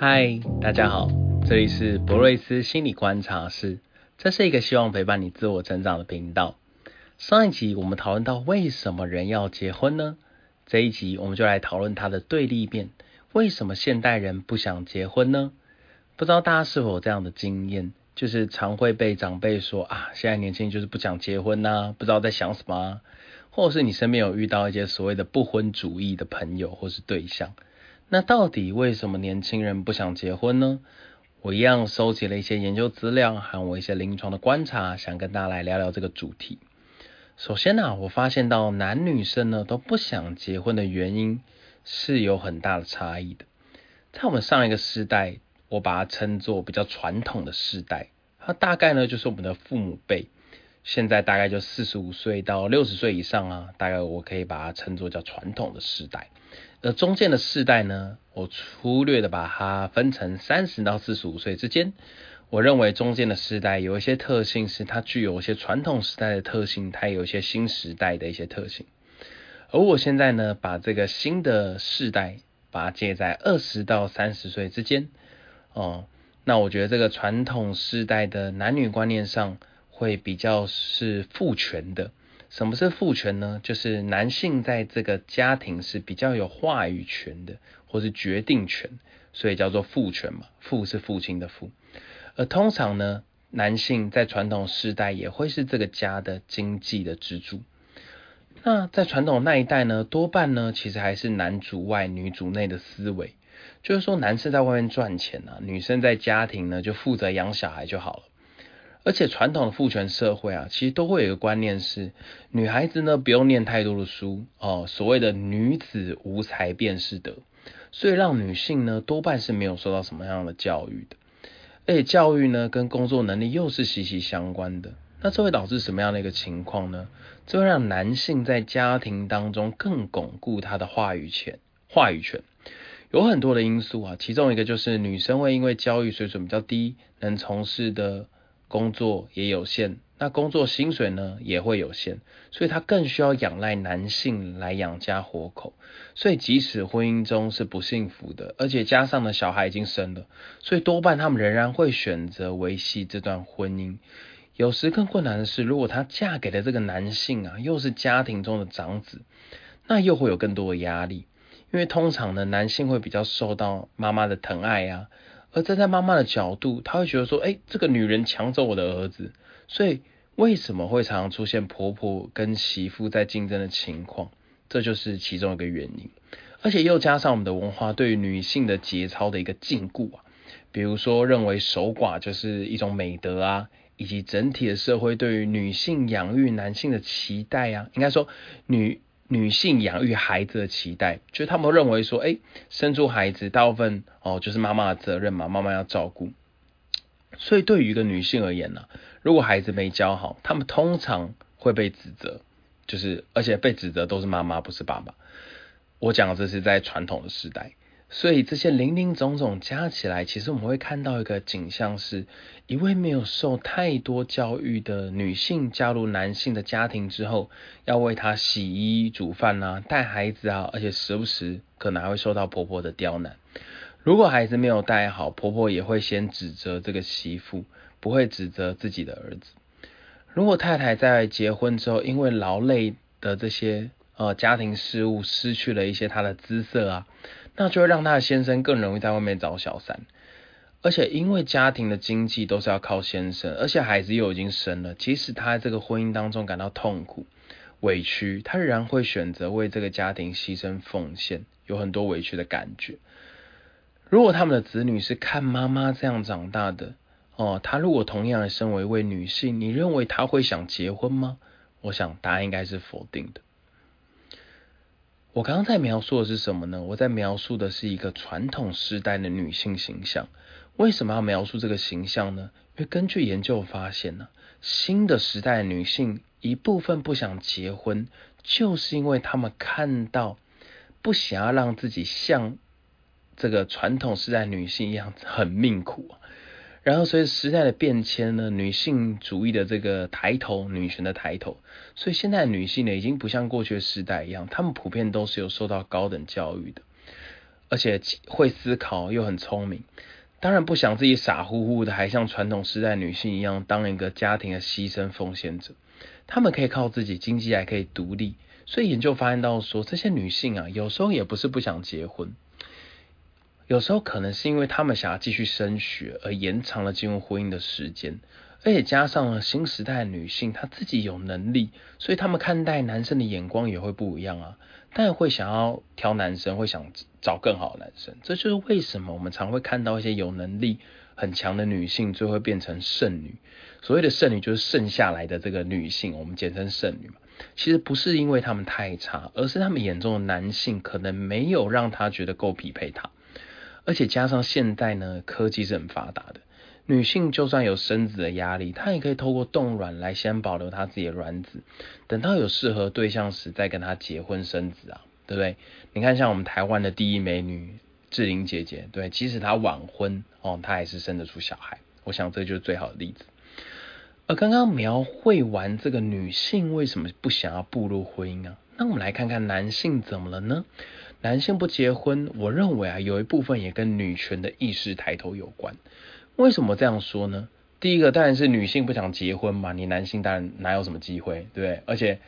嗨，Hi, 大家好，這裡是博瑞斯心理觀察室。這是一個希望陪伴你自我成長的頻道。上一集我們討論到為什麼人要結婚呢？這一集我們就來討論它的對立面，為什麼現代人不想結婚呢？不知道大家是否有這樣的經驗，就是常會被長輩說啊，現在年輕人就是不想結婚吶、啊，不知道在想什麼、啊，或者是你身邊有遇到一些所謂的不婚主義的朋友或是對象。那到底為什麼年輕人不想結婚呢？我一樣收集了一些研究資料，還有我一些臨床的觀察，想跟大家來聊聊這個主題。首先呢，啊，我發現到男女生呢都不想結婚的原因是有很大的差異的。在我們上一個世代，我把它稱作比較傳統的世代，它大概呢就是我們的父母輩，現在大概就四十五歲到六十歲以上啊，大概我可以把它稱作叫傳統的世代。而中間的世代呢，我粗略的把它分成三十到四十五歲之間。我認為中間的世代有一些特性，是它具有一些傳統時代的特性，它有一些新時代的一些特性。而我現在呢，把這個新的世代把它介在二十到三十歲之間。哦、嗯，那我覺得這個傳統世代的男女觀念上會比較是父權的。什麼是父權呢？就是男性在這個家庭是比較有話語權的，或是決定權，所以叫做父權嘛。父是父親的父，而通常呢，男性在傳統世代也會是這個家的經濟的支柱。那在傳統那一代呢，多半呢，其實還是男主外女主內的思維，就是說，男生在外面賺錢啊，女生在家庭呢就負責養小孩就好了。而且傳統的父權社會啊，其實都會有一個觀念是，女孩子呢不用念太多的書哦，呃，所謂的女子無才便是德，所以讓女性呢多半是沒有受到什麼樣的教育的。而且教育呢跟工作能力又是息息相關的，那這會導致什麼樣的一個情況呢？這會讓男性在家庭當中更鞏固他的話語權。話語權有很多的因素啊，其中一個就是女生會因為教育水準比較低，能從事的。工作也有限，那工作薪水呢也會有限，所以她更需要仰賴男性來養家活口。所以即使婚姻中是不幸福的，而且加上呢，小孩已經生了，所以多半他們仍然會選擇維繫這段婚姻。有時更困難的是，如果她嫁給了這個男性啊，又是家庭中的長子，那又會有更多的壓力，因為通常呢，男性會比較受到媽媽的疼愛呀、啊。而站在媽媽的角度，她會覺得說：“誒，這個女人搶走我的兒子。”所以為什麼會常常出現婆婆跟媳婦在競爭的情況？這就是其中一個原因。而且又加上我們的文化對於女性的節操的一個禁錮啊，比如說認為守寡就是一種美德啊，以及整體的社會對於女性養育男性的期待啊，應該說女。女性養育孩子的期待，就是他們認為說，哎、欸，生出孩子大部分哦，就是媽媽的責任嘛，媽媽要照顧。所以對於一個女性而言呢、啊，如果孩子沒教好，他們通常會被指責，就是，而且被指責都是媽媽，不是爸爸。我講的這是在傳統的時代。所以這些林林總總加起來，其實我們會看到一個景象是：是一位沒有受太多教育的女性加入男性的家庭之後，要為他洗衣、煮飯啊，帶孩子啊，而且時不時可能還會受到婆婆的刁難。如果孩子沒有帶好，婆婆也會先指責這個媳婦，不會指責自己的兒子。如果太太在結婚之後，因為勞累的這些呃家庭事務，失去了一些她的姿色啊。那就會讓她的先生更容易在外面找小三，而且因為家庭的經濟都是要靠先生，而且孩子又已經生了，即使她在這個婚姻當中感到痛苦、委屈，她仍然會選擇為這個家庭犧牲奉獻，有很多委屈的感覺。如果他們的子女是看媽媽這樣長大的，哦，她如果同樣身為一位女性，你認為她會想結婚嗎？我想答案應該是否定的。我剛剛在描述的是什麼呢？我在描述的是一個傳統時代的女性形象。為什麼要描述這個形象呢？因為根據研究發現呢、啊，新的時代的女性一部分不想結婚，就是因為她們看到不想要讓自己像這個傳統時代女性一樣很命苦。然後隨着時，時代的變遷呢，女性主義的這個抬頭，女權的抬頭，所以現在的女性呢，已經不像過去的時代一樣，她們普遍都是有受到高等教育的，而且會思考又很聰明，當然不想自己傻乎乎的，還像傳統時代女性一樣當一個家庭的犧牲奉獻者，她們可以靠自己經濟來可以獨立，所以研究發現到說，這些女性啊，有時候也不是不想結婚。有時候可能是因為他們想要繼續升學而延長了進入婚姻的時間，而且加上新時代的女性她自己有能力，所以她們看待男生的眼光也會不一樣啊。但會想要挑男生，會想找更好的男生。這就是為什麼我們常會看到一些有能力很強的女性最後變成剩女。所謂的剩女就是剩下來的這個女性，我們簡稱剩女嘛。其實不是因為他們太差，而是他們眼中的男性可能沒有讓她覺得夠匹配她。而且加上現在呢，科技是很發達的。女性就算有生子的壓力，她也可以透過凍卵來先保留她自己的卵子，等到有適合對象時再跟她結婚生子啊，對不對？你看像我們台灣的第一美女志玲姐姐，對，即使她晚婚哦，她還是生得出小孩。我想這就是最好的例子。而剛剛描繪完這個女性為什麼不想要步入婚姻啊？那我們來看看男性怎麼了呢？男性不結婚，我認為啊，有一部分也跟女權的意識抬頭有關。為什麼這樣說呢？第一個當然是女性不想結婚嘛，你男性當然哪有什麼機會，對不對？而且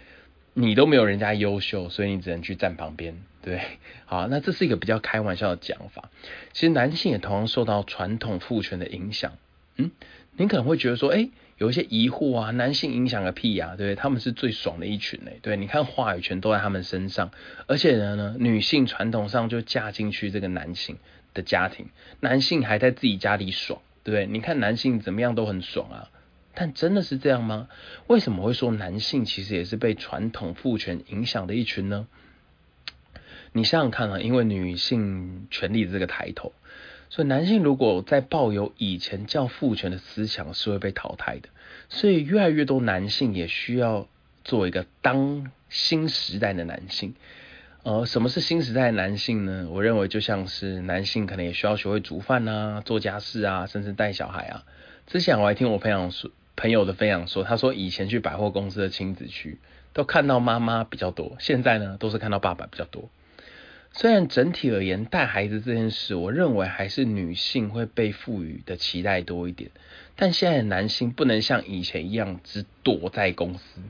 你都沒有人家優秀，所以你只能去站旁邊，對不對？好，那這是一個比較開玩笑的講法。其實男性也同樣受到傳統父權的影響。嗯，你可能會覺得說，誒、欸……有一些疑惑啊，男性影響個屁啊，對不對？他們是最爽的一群嘞，對，你看話語權都在他們身上，而且呢，女性傳統上就嫁進去這個男性的家庭，男性還在自己家裡爽，對不對？你看男性怎麼樣都很爽啊，但真的是這樣嗎？為什麼會說男性其實也是被傳統父權影響的一群呢？你想想看啊，因為女性權利的這個抬頭。所以男性如果再抱有以前叫父權的思想，是會被淘汰的。所以越來越多男性也需要做一個當新時代的男性。呃，什麼是新時代的男性呢？我認為就像是男性可能也需要學會煮飯啊、做家事啊，甚至帶小孩啊。之前我還聽我朋友說朋友的分享說，他說以前去百貨公司的親子區都看到媽媽比較多，現在呢都是看到爸爸比較多。雖然整體而言，帶孩子這件事，我認為還是女性會被賦予的期待多一點。但現在男性不能像以前一樣只躲在公司，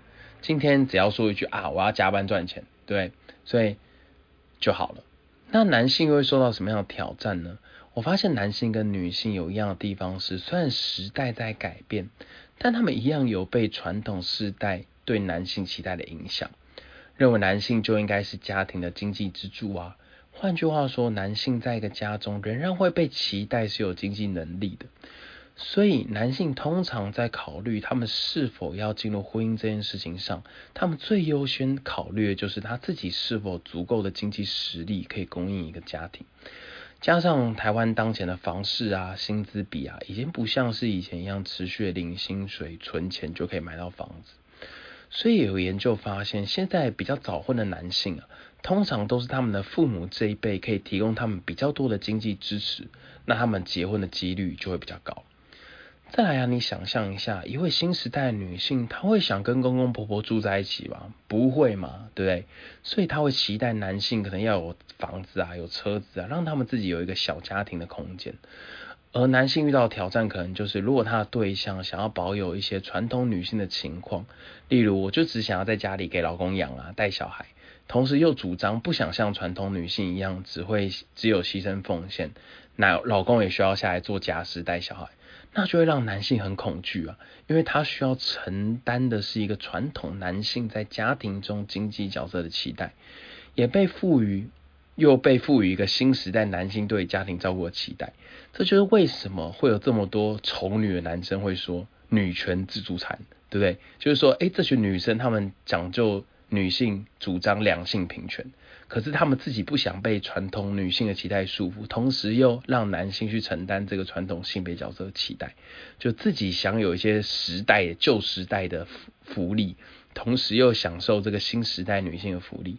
今天只要說一句啊，我要加班賺錢，對，所以就好了。那男性又會受到什麼樣的挑戰呢？我發現男性跟女性有一樣的地方是，雖然時代在改變，但他們一樣有被傳統世代對男性期待的影響。認為男性就應該是家庭的經濟支柱啊。換句話說，男性在一個家中仍然會被期待是有經濟能力的。所以，男性通常在考慮他們是否要進入婚姻這件事情上，他們最優先考慮的就是他自己是否足夠的經濟實力可以供應一個家庭。加上台灣當前的房市啊、薪資比啊，已經不像是以前一樣持續領薪水存錢就可以買到房子。所以有研究發現，現在比較早婚的男性啊，通常都是他們的父母這一輩可以提供他們比較多的經濟支持，那他們結婚的幾率就會比較高。再來啊，讓你想象一下，一位新時代的女性，她會想跟公公婆婆住在一起嗎？不會嘛，對不對？所以她會期待男性可能要有房子啊，有車子啊，讓他們自己有一個小家庭的空間。而男性遇到的挑戰，可能就是如果他的對象想要保有一些傳統女性的情況，例如我就只想要在家裡給老公養啊，帶小孩，同時又主張不想像傳統女性一樣，只會只有犧牲奉獻，那老公也需要下來做家事帶小孩，那就會讓男性很恐懼啊，因為他需要承擔的是一個傳統男性在家庭中經濟角色的期待，也被賦予。又被賦予一個新時代男性對家庭照顧的期待，這就是為什麼會有這麼多仇女的男生會說女權自助餐，對不對？就是說，誒，這群女生她們講究女性主張兩性平權，可是她們自己不想被傳統女性的期待束縛，同時又讓男性去承擔這個傳統性別角色的期待，就自己享有一些時代舊時代的福利，同時又享受這個新時代女性的福利。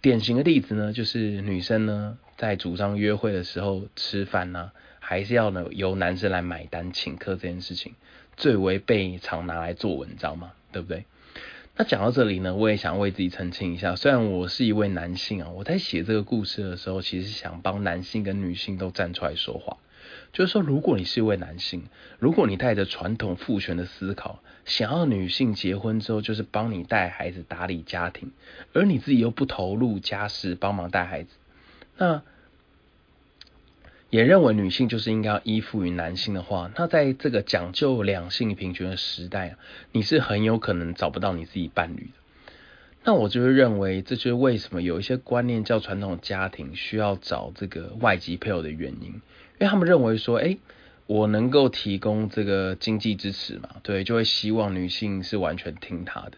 典型的例子呢，就是女生呢在主張約會的時候吃飯呢，啊，還是要呢由男生來買單請客這件事情，最為被常拿來做文章嘛，對不對？那講到這裡呢，我也想為自己澄清一下，雖然我是一位男性啊，我在寫這個故事的時候，其實想幫男性跟女性都站出來說話。就是說，如果你是一位男性，如果你帶着傳統父權的思考，想要女性結婚之後就是幫你帶孩子、打理家庭，而你自己又不投入家事、幫忙帶孩子，那也認為女性就是應該要依附於男性的話，那在這個講究兩性平權的時代，你是很有可能找不到你自己伴侶的。那我就會認為，這就是為什麼有一些觀念叫傳統家庭需要找這個外籍配偶的原因，因為他們認為說，誒，我能夠提供這個經濟支持嘛，對，就會希望女性是完全聽他的。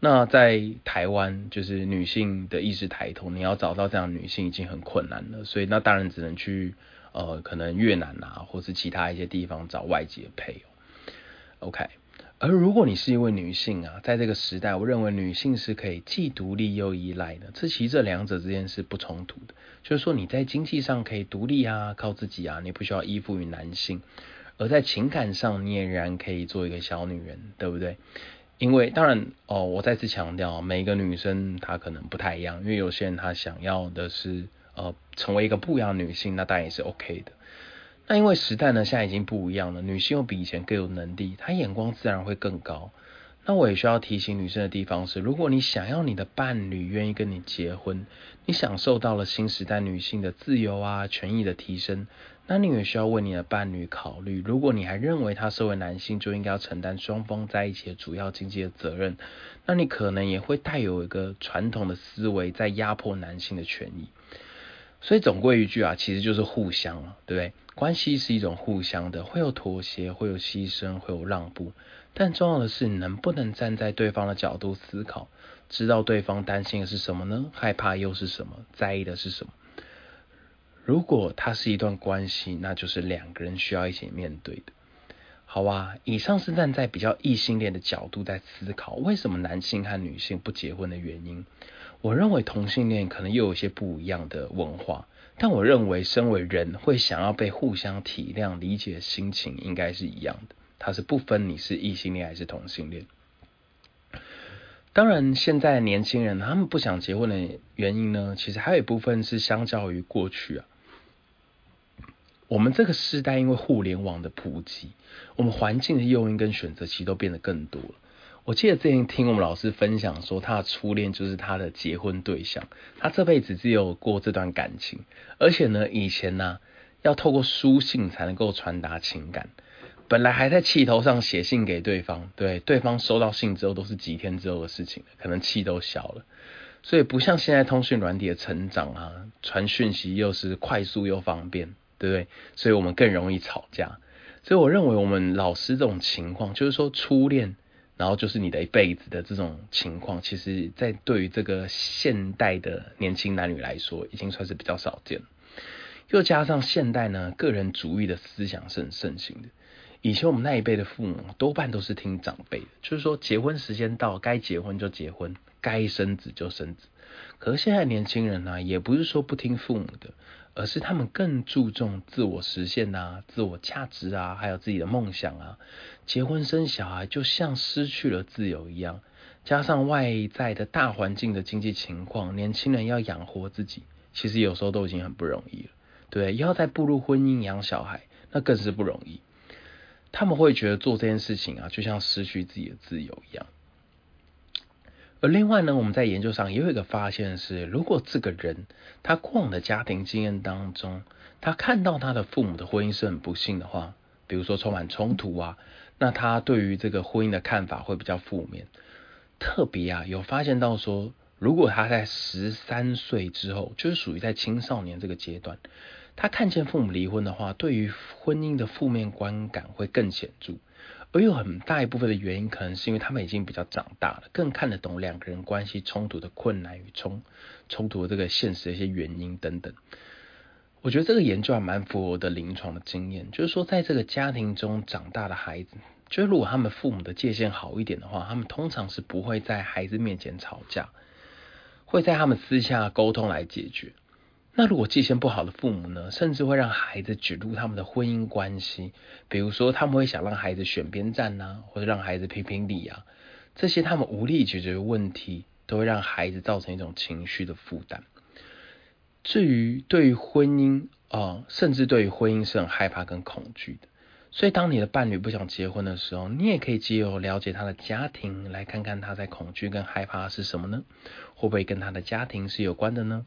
那在台灣，就是女性的意識抬頭，你要找到這樣的女性已經很困難了，所以那當然只能去呃，可能越南啊，或是其他一些地方找外籍的配偶。OK。而如果你是一位女性啊，在這個時代，我認為女性是可以既獨立又依賴的。這其實這兩者之間是不衝突的，就是說你在經濟上可以獨立啊，靠自己啊，你不需要依附於男性；而在情感上，你也仍然可以做一個小女人，對不對？因為當然哦，我再次強調，每一個女生她可能不太一樣，因為有些人她想要的是呃成為一個不一樣的女性，那當然也是 OK 的。那因為時代呢現在已經不一樣了，女性又比以前更有能力，她眼光自然會更高。那我也需要提醒女生的地方是：如果你想要你的伴侶願意跟你結婚，你享受到了新時代女性的自由啊、權益的提升，那你也需要為你的伴侶考慮。如果你還認為他身為男性就應該要承擔雙方在一起的主要經濟的責任，那你可能也會帶有一個傳統的思維，在壓迫男性的權益。所以總歸一句啊，其實就是互相了啊，對不對？關係是一種互相的，會有妥協，會有犧牲，會有讓步，但重要的是能不能站在對方的角度思考，知道對方擔心的是什麼呢？害怕又是什麼？在意的是什麼？如果它是一段關係，那就是兩個人需要一起面對的，好啊，以上是站在比較異性戀的角度在思考，為什麼男性和女性不結婚的原因。我認為同性戀可能又有一些不一樣的文化。但我認為，身為人會想要被互相體諒、理解的心情，應該是一樣的。它是不分你是異性戀還是同性戀。當然，現在的年輕人他們不想結婚的原因呢，其實還有一部分是相較於過去啊，我們這個時代因為互聯網的普及，我們環境的誘因跟選擇其實都變得更多了。我記得之前聽我們老師分享說，他的初戀就是他的結婚對象。他這輩子只有過這段感情，而且呢，以前呢，啊，要透過書信才能夠傳達情感。本來還在氣頭上寫信給對方，對，對方收到信之後都是幾天之後的事情，可能氣都消了。所以不像現在通訊軟體的成長啊，傳訊息又是快速又方便，對不對？所以我們更容易吵架。所以我認為我們老師這種情況，就是說初戀。然後就是你的一輩子的這種情況，其實，在對於這個現代的年輕男女來說，已經算是比較少見了。又加上現代呢，個人主義的思想是很盛行的。以前我們那一輩的父母多半都是聽長輩的，就是說結婚時間到，該結婚就結婚，該生子就生子。可是現在年輕人呢、啊，也不是說不聽父母的。而是他們更注重自我實現吶、啊、自我價值啊，還有自己的夢想啊。結婚生小孩就像失去了自由一樣，加上外在的大環境的經濟情況，年輕人要養活自己，其實有時候都已經很不容易了。對，要再步入婚姻養小孩，那更是不容易。他們會覺得做這件事情啊，就像失去自己的自由一樣。而另外呢，我們在研究上也有一個發現是，如果這個人他過往的家庭經驗當中，他看到他的父母的婚姻是很不幸的話，比如說充滿衝突啊，那他對於這個婚姻的看法會比較負面。特別啊，有發現到說，如果他在十三歲之後，就是屬於在青少年這個階段，他看見父母離婚的話，對於婚姻的負面觀感會更顯著。而有很大一部分的原因，可能是因為他們已經比較長大了，更看得懂兩個人關係衝突的困難與衝衝突的這個現實的一些原因等等。我覺得這個研究還蠻符合我的臨床的經驗，就是說在這個家庭中長大的孩子，就是如果他們父母的界限好一點的話，他們通常是不會在孩子面前吵架，會在他們私下溝通來解決。那如果界線不好的父母呢，甚至會讓孩子捲入他們的婚姻關係，比如說他們會想讓孩子選邊站啊，或者讓孩子評評理啊，這些他們無力解決的問題，都會讓孩子造成一種情緒的負擔。至於對於婚姻啊、呃，甚至對於婚姻是很害怕跟恐懼的，所以當你的伴侶不想結婚的時候，你也可以藉由了解他的家庭，來看看他在恐懼跟害怕是什麼呢？會不會跟他的家庭是有關的呢？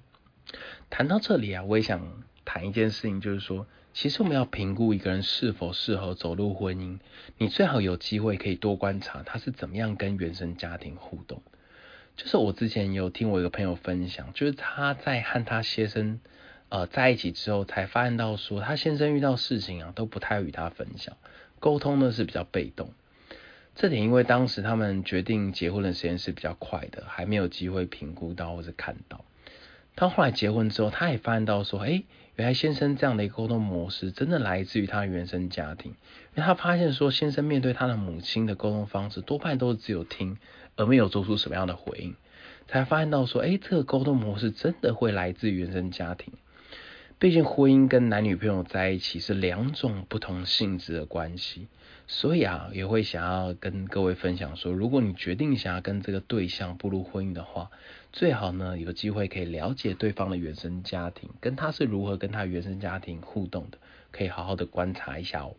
談到這裡啊，我也想談一件事情，就是說，其實我們要評估一個人是否適合走入婚姻，你最好有機會可以多觀察他是怎麼樣跟原生家庭互動。就是我之前有聽我一個朋友分享，就是他在和他先生呃在一起之後，才發現到說，他先生遇到事情啊都不太與他分享，溝通呢是比較被動。這點因為當時他們決定結婚的時間是比較快的，還沒有機會評估到或者看到。他後來結婚之後，他也發現到說，誒、欸，原來先生這樣的一個溝通模式，真的來自於他的原生家庭。因為他發現說，先生面對他的母親的溝通方式，多半都是只有聽，而沒有做出什麼樣的回應。才發現到說，誒、欸，這個溝通模式真的會來自於原生家庭。畢竟婚姻跟男女朋友在一起是兩種不同性質的關係，所以啊，也會想要跟各位分享說，如果你決定想要跟這個對象步入婚姻的話。最好呢，有機會可以了解對方的原生家庭，跟他是如何跟他原生家庭互動的，可以好好的觀察一下哦。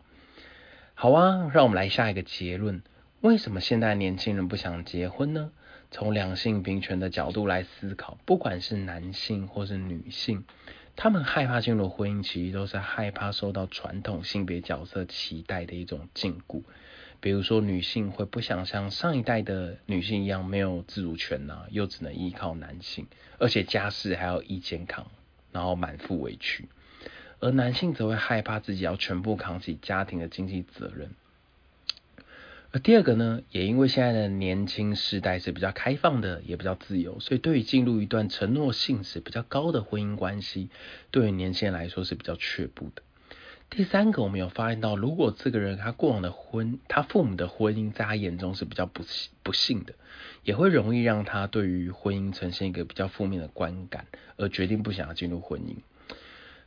好啊，讓我們來下一個結論。為什麼現代年輕人不想結婚呢？從兩性平權的角度來思考，不管是男性或是女性，他們害怕進入婚姻，其實都是害怕受到傳統性別角色期待的一種禁錮。比如說，女性會不想像上一代的女性一樣沒有自主權吶、啊，又只能依靠男性，而且家事還要一肩扛，然後滿腹委屈；而男性則會害怕自己要全部扛起家庭的經濟責任。而第二個呢，也因為現在的年輕世代是比較開放的，也比較自由，所以對於進入一段承諾性質比較高的婚姻關係，對於年輕人來說是比較卻步的。第三個，我們有發現到，如果這個人他過往的婚，他父母的婚姻在他眼中是比較不不幸的，也會容易讓他對於婚姻呈現一個比較負面的觀感，而決定不想要進入婚姻。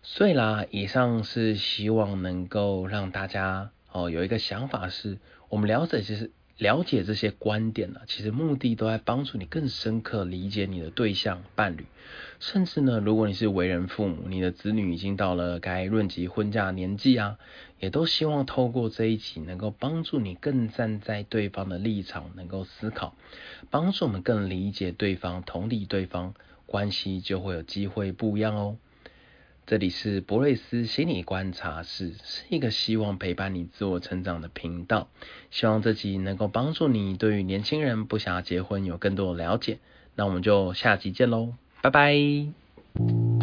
所以啦，以上是希望能夠讓大家哦有一個想法是，是我們聊的其實了解這些觀點呢、啊，其實目的都在幫助你更深刻理解你的對象、伴侶，甚至呢，如果你是為人父母，你的子女已經到了該論及婚嫁的年紀啊，也都希望透過這一集能夠幫助你更站在對方的立場，能夠思考，幫助我們更理解對方、同理對方，關係就會有機會不一樣哦。這裡是博瑞斯心理觀察室，是一個希望陪伴你自我成長的頻道。希望這集能夠幫助你對於年輕人不想要結婚有更多的了解。那我們就下集見嘍，拜拜。